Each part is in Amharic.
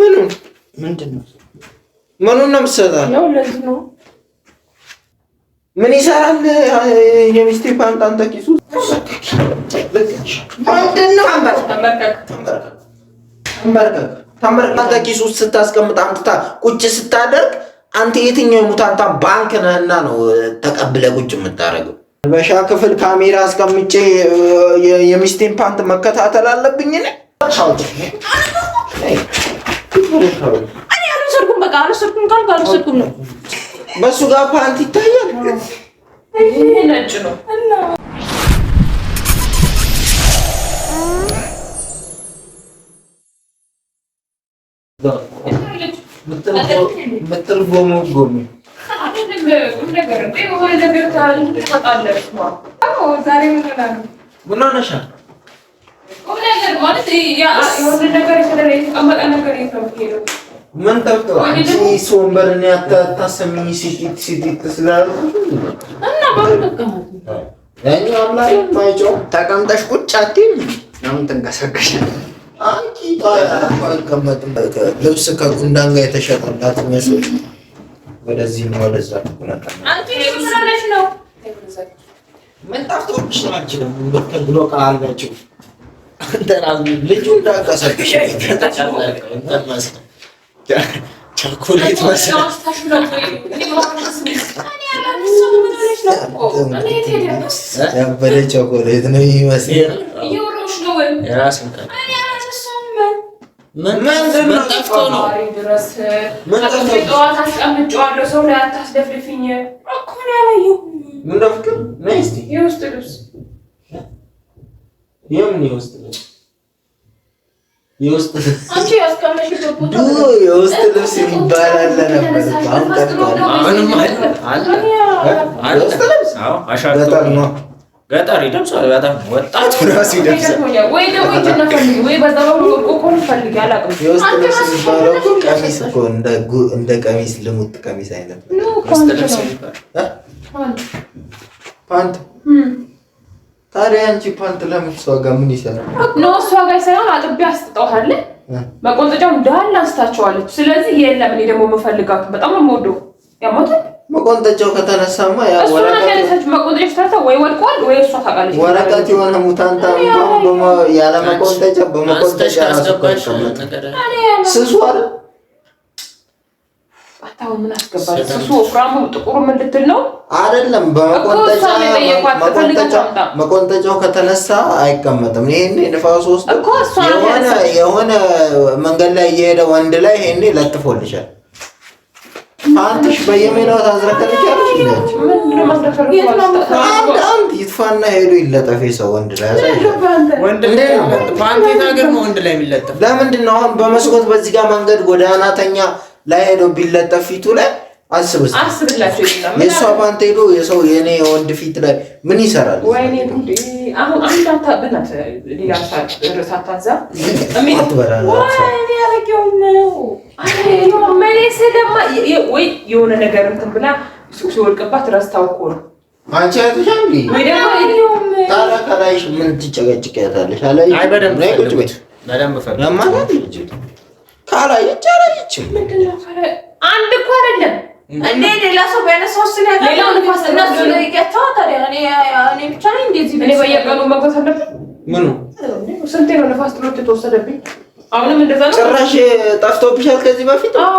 ምኑ ምንድን ነው? ምኑን ነው የምትሰጣት? ምን ይሰራል? የሚስቴ ፓንት አንተ ኪሱ ተንበርካተ ኪሱ ስታስቀምጥ አምጥታ ቁጭ ስታደርግ አንተ የትኛው ሙታንታ ባንክ ነህና ነው ተቀብለ ቁጭ የምታደርገው? በሻ ክፍል ካሜራ አስቀምጬ የሚስቴን ፓንት መከታተል አለብኝ። እኔ አልወሰድኩም። በቃ አልወሰድኩም ካልኩ አልወሰድኩም ነው። በሱ ጋር ፓንት ይታያል። ይሄ ነጭ ነው እና ምን ሆነሻል? ምን ተብሎ አንቺ ወንበር ላይ አታሰሚኝ ሲት ሲት ስላሉ እና ተቀምጠሽ ቁጭ አትይም። ለምን ትንቀሳቀሻለሽ? አንቺ ልብስ ከጉንዳን ጋር የተሸጠላት መስሎሽ ወደዚህ ነው ወደዛ ነው። ልጁ ቸኮሌት ያበደ ቸኮሌት ነው ይመስል የምን የውስጥ ልብስ የውስጥ ልብስ የውስጥ ልብስ የሚባል አለ ነበር። ገጠር ይለብሳል። በጣም ወጣቱ ራሱ ይለብሳል። ቀሚስ እኮ እንደ ቀሚስ ልሙጥ ቀሚስ አይነት ታዲያ አንቺ ፓንት ለምን እሷ ጋር ምን ይሰራል? ነው እሷ ጋር ሳይሆን አጥቤ አስጥጠዋለ መቆንጠጫው እንዳለ አንስታቸዋለች። ስለዚህ የለም እኔ ደግሞ የምፈልጋት በጣም ነው የምወደው። ያሞተ መቆንጠጫው ከተነሳማ ያ ወረቀት መቆንጠጫው ተነሳ ወይ ወልቋል ወይ እሷ ታውቃለች። ወረቀት የሆነ ሙታንታ ያለ መቆንጠጫ በመቆንጠጫ ስሷል ሽታው ምን አስገባሽ? ስሱ ወፍራሙ ጥቁሩ ምን ልትል ነው? አይደለም በመቆንጠጫው ከተነሳ አይቀመጥም። ይሄኔ ንፋስ ውስጥ የሆነ መንገድ ላይ እየሄደ ወንድ ላይ ይሄኔ ለጥፎልሻል። አንተሽ በየሜዳው ታዝረከርካለሽ። ይጥፋና ሄዶ ይለጠፍ ሰው ወንድ ላይ ለምንድን ነው አሁን በመስኮት በዚህ ጋር መንገድ ጎዳናተኛ ላይ ሄዶ ቢለጠፍ ፊቱ ላይ አስብ አስብላችሁ ፓንት ሄዶ የሰው የኔ የወንድ ፊት ላይ ምን ይሰራል? ወይኔ አሁን ወይ የሆነ ነገር እንትን ብላ ሲወልቅባት ረስታው እኮ ነው። ምን ትጨቀጭቀያታለሽ? አላይ በደንብ በደንብ ለማለት ካላየች አላየችም። አንድ እኮ አይደለም እንዴ ሌላ ሰው ቢያነሳ ውስ ሌላው ንፋስ እና ያቸዋ ታዲያ እኔ ብቻ ነኝ እንደዚህ እኔ በየቀኑ መግባት አለብን። ምኑ ስንቴ ነው ንፋስ ጥሎት የተወሰደብኝ? አሁንም እንደዛ ነው። ጭራሽ ጠፍቶብሻል ከዚህ በፊት? አዎ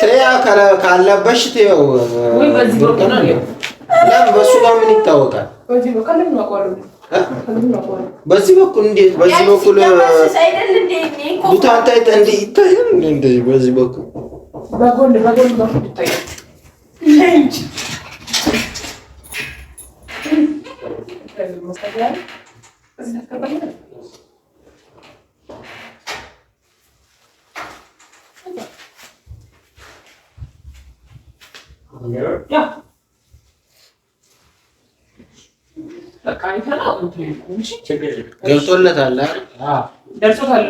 ትያ ካላበሽ በሱ ጋር ምን ይታወቃል? በዚህ በኩል እንዴት በዚህ በኩል ቡታን ታይተ ይታያል እንደ በዚህ በኩል በጎን በጎን በኩል ይታያል mirror. Yeah. ገብቶለታል ደርሶታል።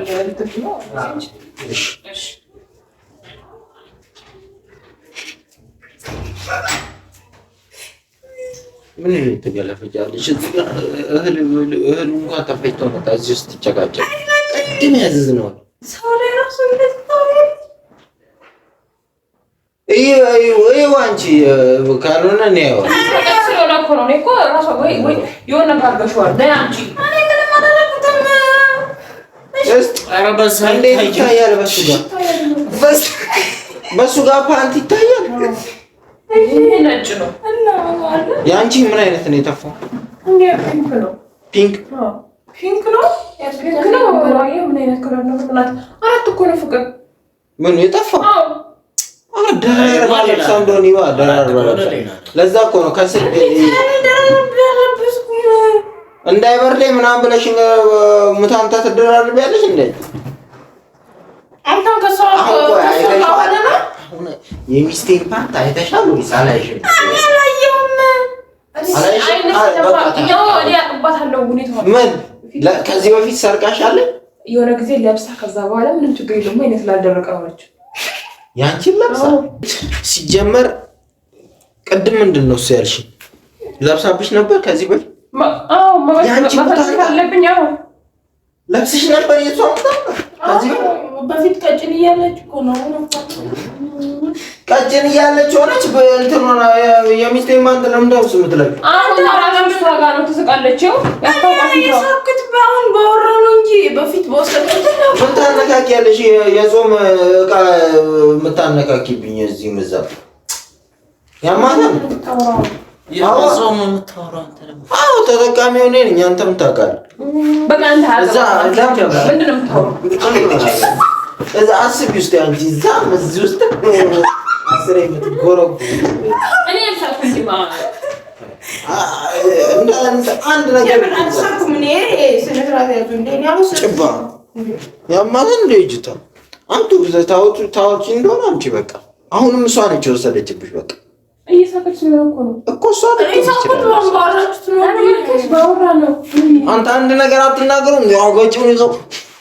ምን ትገለፈጃለች? እህል እንኳን ተፈጭቶ መጣ እዚህ ውስጥ ትጨቃጨቅ። ቅድም ያዝዝ ነው ሰው ላይ ራሱ ይኸው አንቺ ካልሆነ እኔ ያው ይታያል። በሱ ጋር ፓንት ይታያል። የአንቺ ምን አይነት ነው የተፋው? ፒንክ ፒንክ ነው። ምን አይነት ክለር ነው? አራት እኮ ነው ፍቅር ምን የጠፋው ደራርባ ለብሳ እንደሆነ ይዋ ደራርባ ለዛ እኮ ነው ከስል እንዳይበርደኝ ምናምን ብለሽ ሙታንታ ትደራርቢያለሽ እንዴ? የሚስቴን ፓርት አይተሻል ወይስ አላየሽም? ምን ከዚህ በፊት ሰርቃሻለን? የሆነ ጊዜ ለብሳ ከዛ በኋላ ምንም ችግር የለም ወይ ስላልደረቀ ነች ያንቺን ለብሳ ሲጀመር ቅድም ምንድን ነው እሱ ያልሽኝ? ለብሳብሽ ነበር ከዚህ በፊት ለብስሽ ነበር። የሷ ከዚህ በፊት ቀጭን እያለች ነው ቀጭን እያለች ሆነች እንትን የሚስቴ ማንት ነው እንደውስ የምትለኝ አንተ አራም ስታጋ ነው ትስቃለችው። ያስተውቃለች ባሁን ባወራ ነው እንጂ በፊት ምታነካኪ ያለሽ የጾም ዕቃ የምታነካኪብኝ እዚህ ምዛ ያማታል። አዎ ተጠቃሚ ሆነ ነኝ። አንተም ታውቃለህ እዛ ምንድን እዛ አስቢ ውስጥ ያንቺ እዛ እዚህ ውስጥ አስር የምትጎረጉ አንድ ነገር ጭባ ያማለ እንደ እጅቷ አንቱ ታወጪ እንደሆነ አንቺ በቃ አሁንም እሷ ነች የወሰደችብሽ። በቃ አንተ አንድ ነገር አትናገሩም።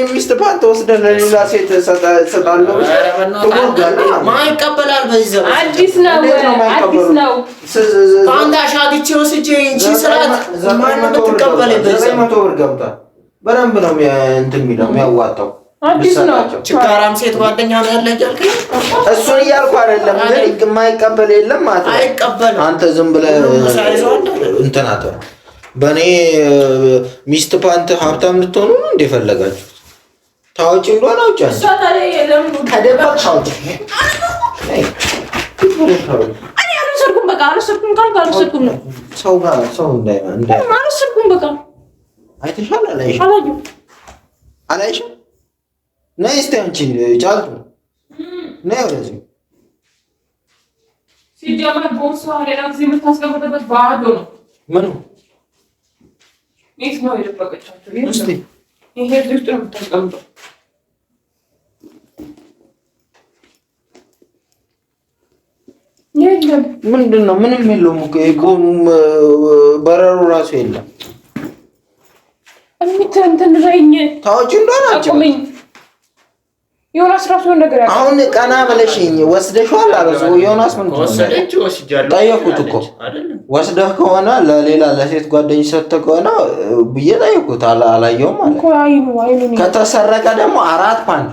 የኔ ሚስት ባንተ ወስደህ ለሌላ ሴት ሰጣለሁ ማይቀበላል። በዚህ ዘመን አዲስ ነው አዲስ ነው። በአንተ አሻግቼ ወስጄ እንጂ ስርዓት ማነው የምትቀበለኝ? በዚህ መቶ ብር ገብቷል። በደንብ ነው እንትን የሚለው የሚያዋጣው አዲስ ነው። ችጋራም ሴት ጓደኛ ነው ያለ እያልከኝ እሱን እያልኩ አይደለም፣ ግን የማይቀበል የለም ማለት ነው። አይቀበልም። አንተ ዝም ብለህ እንትን አትበል። በእኔ ሚስት ፓንት ሀብታም ልትሆኑ እንደፈለጋችሁ ታውጪ እንደሆነ አውጪያለሽ። ከደበቅሽ አውጪ። እኔ አልወሰድኩም፣ በቃ አልወሰድኩም ካልክ አልወሰድኩም ነው። ሰው ጋር ሰው አልወሰድኩም፣ በቃ አይተሻል። አላየሽም፣ አላየሽም። ነይ እስኪ አንቺ ጫልቱ ነይ ወደዚህ። ሲጀመር ቦርሳ ሌላ ጊዜ የምታስገቡበት ባዶ ነው። ምኑ ነው የደበቀቻቸው? ይሄ እዚህ ውስጥ ነው የምታስቀምጠው። ምንድን ነው? ምንም የለውም። ጎኑ በረሩ ራሱ የለም። ታዎች እንደሆናቸው ዮናስ ራሱ የሆነ ነገር ያለው አሁን ቀና ብለሽኝ ወስደሽዋል አለ ዮናስ ምን ጠየኩት እኮ ወስደህ ከሆነ ለሌላ ለሴት ጓደኝ ሰጥተህ ከሆነ ብዬ ጠየኩት አላየውም ማለት ከተሰረቀ ደግሞ አራት ፓንት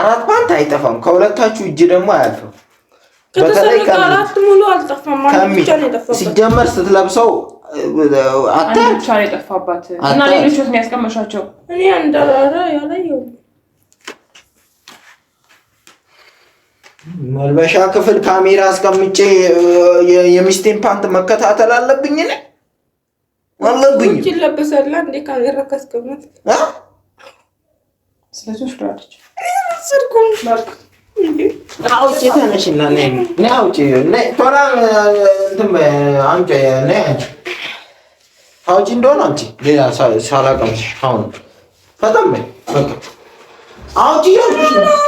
አራት ፓንት አይጠፋም ከሁለታችሁ እጅ ደግሞ አያልፍም በተለይ ሲጀመር ስትለብሰው አታ ብቻ ነው የጠፋባት እና ሌሎች ያስቀመሻቸው እኔ እንዳላረ ያላየው መልበሻ ክፍል ካሜራ አስቀምጬ የሚስቴን ፓንት መከታተል አለብኝ ነ አለብኝ ይለበሳላ እንዴ ካሜራ ካስቀመጥ አውጪ ተነሽና አውጪ አንቺ አውጪ ሌላ ሳላቀምሽ አሁን ፈጠን በይ አውጪ ያልኩሽ ነው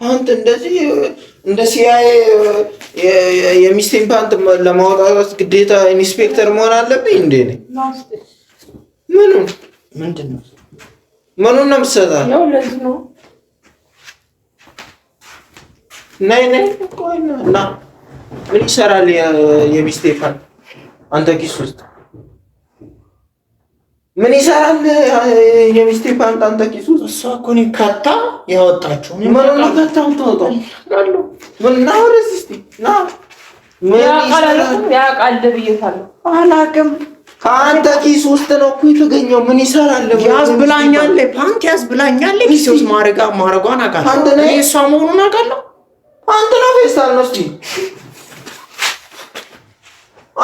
ፓንት እንደዚህ እንደ ሲአይ የሚስቴን ፓንት ለማውጣት ግዴታ ኢንስፔክተር መሆን አለብኝ እንዴ? ነ ምኑ ምንድን ነው ምኑን ነው የምትሰጣት? ነይ ነይ እና ምን ይሰራል የሚስቴ ፓንት አንተ ኪስ ውስጥ ምን ይሰራል? የሚስቴ ፓንት አንተ ኪሱ እሷ እኮ እኔ ከታ ያወጣችሁ ምን ነው ከታ ተወጣው ምን ነው ረስስ ና አላውቅም። ከአንተ ኪስ ውስጥ ነው እኮ የተገኘው። ምን ይሰራል? ያዝ ብላኛለ፣ ፓንት ያዝ ብላኛለ። ኪስ ውስጥ ማረጋ ማረጓን አውቃለሁ። አንተ ነው እሷ መሆኑን አውቃለሁ። አንተ ነው ፌስታል ነው እስቲ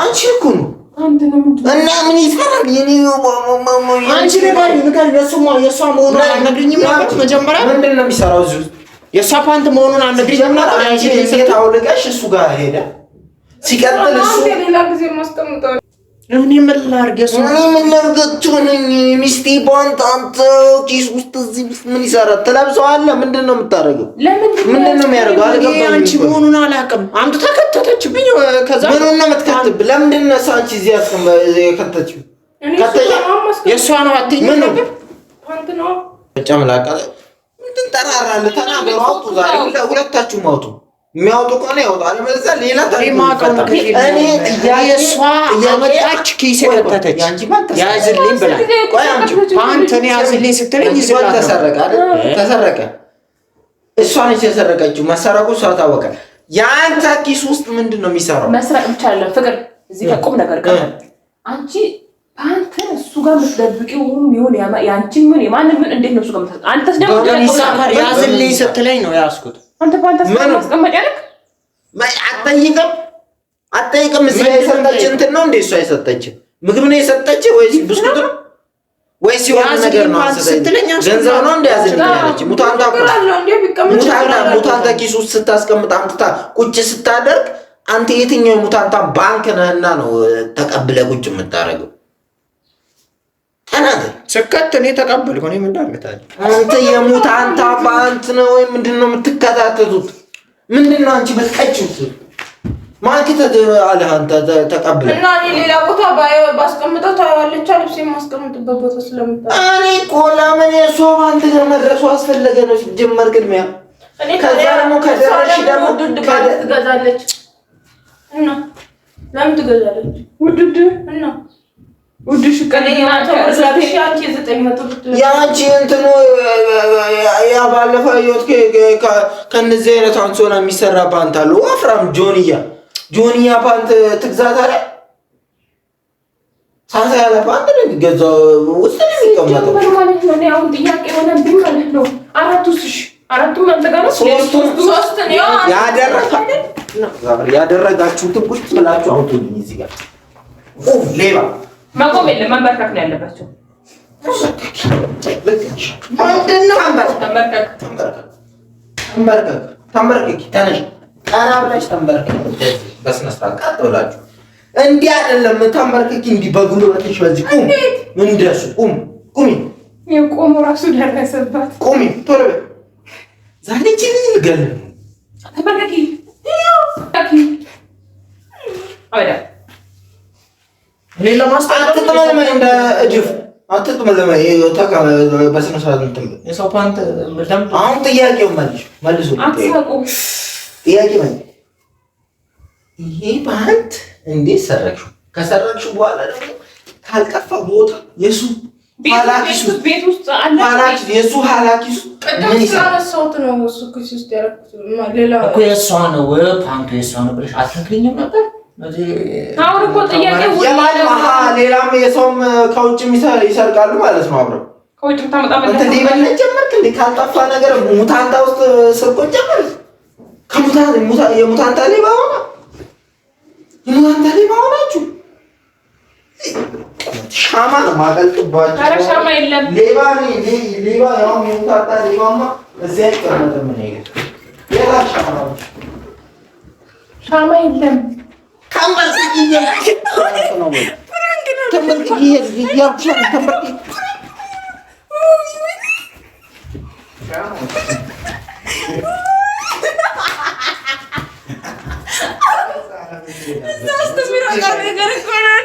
አንቺ እኮ ነው እና ምን ይሰራል? አንቺ የእሷ መሆኑን አልነግርኝም ነበር መጀመሪያ። ምንድን ነው የሚሰራው? የእሷ ፓንት መሆኑን አልነግርኝም ነበር። እሱ ጋር ሄደ። ሲቀጥል እሱ እኔ ምን ላድርገህ? እኔ ምን ላድርጋችሁ ነኝ? ሚስቴ ቧንት አንተ ኪስ ውስጥ እዚህ ውስጥ ምን ይሰራል? ትለብሰዋለህ? ምንድን ነው የምታደርገው? ምንድን ነው የሚያደርገው? አልገባኝም። አንቺ መሆኑን አላውቅም። አምጥታ ከተተችብኝ። ከዛ ምኑን ነው የምትከትብህ? ለምንድን ነው አንቺ እዚህ የከተችው? የእሷ ነው አትይኝ ነበር ጨምላቃ። ምንድን ጠራራለህ? ተናገሩ፣ አውጡ። ዛሬ ሁለታችሁም አውጡ የሚያወጡ ከሆነ ያወጣል። አለበለዚያ ሌላ እሷ ያመጣች ኪስ የከተተች ያዝልኝ ብላ አንተን ያዝልኝ ስትለኝ ተሰረቀ። እሷ ነች የሰረቀችው። መሰረቁ እሷ ታወቀ። የአንተ ኪስ ውስጥ ምንድን ነው የሚሰራው? መስረቅ ብቻ አይደለም ፍቅር፣ እዚህ ቁም ነገር አንቺ አንተ እሱ ጋር የምትደብቂው ይሁን የአንቺ ይሁን የማንም ይሁን እንዴት ነው እሱ ጋር አንተስ ደግሞ ያዝልኝ ስትለኝ ነው ያዝኩት አንተ ማስቀመጥ ያለክ አጠይቅም አጠይቅም። እዚህ የሰጠች እንትን ነው እንዴ? እሷ የሰጠች ምግብ ነው የሰጠች ወይስ ብስኩት ነው ወይስ የሆነ ነገር ነው? ገንዘብ ነው ሙታንታ ስታስቀምጥ አምጥታ ቁጭ ስታደርግ አንተ የትኛው ሙታንታ ባንክ ነህና ነው ተቀብለ ቁጭ የምታደርገው? ስከት እኔ ተቀበልኩ። እኔ ምን ዳምታል? አንተ የሙት አንተ አባንት ነው ወይ ምንድን ነው የምትከታተቱት? ምንድን ነው አንቺ በትቀጭት ማንኪት አለ አንተ ተቀበል እና እኔ ሌላ ቦታ ባስቀምጠው ታዋለች። ልብስ የማስቀምጥበት ቦታ ስለምታ እኔ እኮ ለምን የእሷ አንተ ጋር መድረሱ አስፈለገ ነው ሲጀመር ቅድሚያ ከዛ ደግሞ ከደረሽ ደግሞ ትገዛለች እና ለምን ትገዛለች ውድድ እና ያንቺ እንትኑ ያ ባለፈው ህይወት ከእነዚህ አይነት አንሶላ የሚሰራ ፓንት አለ። ወፍራም ጆንያ ጆንያ ፓንት ትግዛት አለ። ሳሳ ያለ ፓንት ነው የሚገዛው። ውስጥ ነው የሚቀመጠው። ማለት ነው። ያደረጋችሁትን ቁጭ ብላችሁ አውጡልኝ ሌባ መቆም የለም መንበርከክ ነው ያለባቸው። እንዲህ አይደለም ተንበርክኪ። እንዲህ በጉልበትሽ እኔ ለማስታወቅ አትጥመልም፣ እንደ እጅፍ አትጥመልም። በስነ ስርዓት እንትን ብለህ የሰው ፓንት አሁን ይሄ ከሰረቅሽው በኋላ ደግሞ ካልጠፋ ቦታ የሱ ሀላኪሱ ቤት ውስጥ አለ። የሱ ሀላኪሱ ቅድም ሰውት ነው። እሱ ክስ ውስጥ ያደረኩት ሌላ እኮ የእሷ ነው ፓንቱ የእሷ ነው ብለሽ አትነግሪኝም ነበር አሁን እኮ ጥያቄ ሌላም የሰውም ከውጭ ይሰርቃሉ ማለት ነው። አብረው ከውጭ ታመጣመለበለን ጀመርክ እንዴ? ካልጠፋ ነገር ሙታንታ ውስጥ ስርቆት ጀመርክ። የሙታንታ ሌባ ሆና የሙታንታ ሌባ ሆናችሁ ሻማ ነው ማቀልጥባቸው። ሻማ የለም ሌባ ሌባ ያውም የሙታንታ ሌባማ እዚያ ይቀመጥም ሻማ የለም tambal sa inyo. Tambal sa inyo. Yaw siya. Tambal sa inyo.